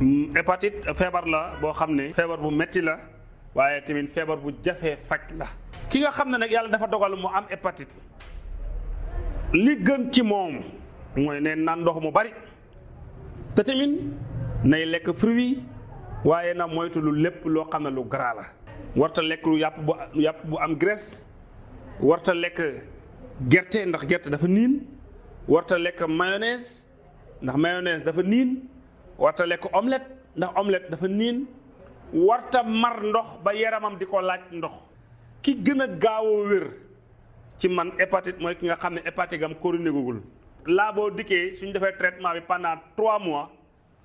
Mm, hépatite feebar la boo xam ne feebar bu metti la waaye tamit feebar bu jafee faj la ki nga xam ne nag yàlla dafa dogal mu am hépatite li gën ci moom mooy ne naan ndox mu bari te tamit nay lekk fruit waaye na moytu lu lépp loo xam ne lu gras la warta lekk yàpp bu yàpp bu am graisse warta lekk gerte ndax gerte dafa niin warta lekk mayonnaise ndax mayonnaise dafa niin warta ko omelette ndax omelette dafa niin warta mar ndox ba yaramam di ko laaj ndox ki gën a gaaw a wér ci man hépatite mooy ki nga xam ne hépatite gam chronique gul laa boo dikkee suñ defee traitement bi pendant trois mois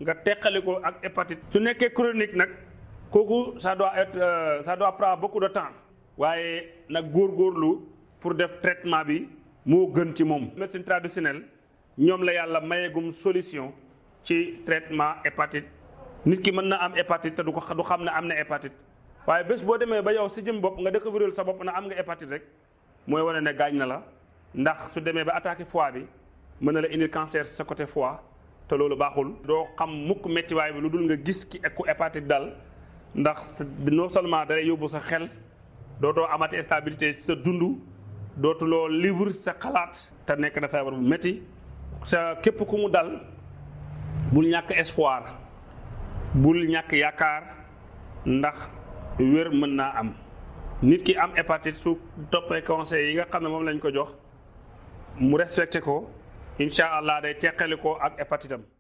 nga teqali ko ak hépatite su nekkee chronique nag kooku ça doit être euh, ça doit prendre beaucoup de temps waaye nag góorlu pour def traitement bi moo gën ci moom médecine traditionnelle ñoom la yàlla mayeegum solution ci traitement hépatite nit ki mën na am hépatite te du ko du xam ne am na hépatite waaye bés boo demee ba yow si jëm bopp nga découvrir sa bopp na am nga hépatite rek mooy wane ne gaañ na la ndax su demee ba attaqué fois bi mën na la indi cancer sa côté fois te loolu baaxul. doo xam mukk méttiwaay bi lu dul nga gis ki ku hépatite dal ndax non seulement dalay yóbbu sa xel doo dootoo amate stabilité sa dund dootuloo livre sa xalaat. te nekk na feebar bu métti te bul ñàkk espoir bul ñàkk yaakaar ndax wér mën naa am nit ki am hépatite su toppee conseil yi nga xam ne moom lañ ko jox mu respecté ko incha allah day teqali ko ak hépatite am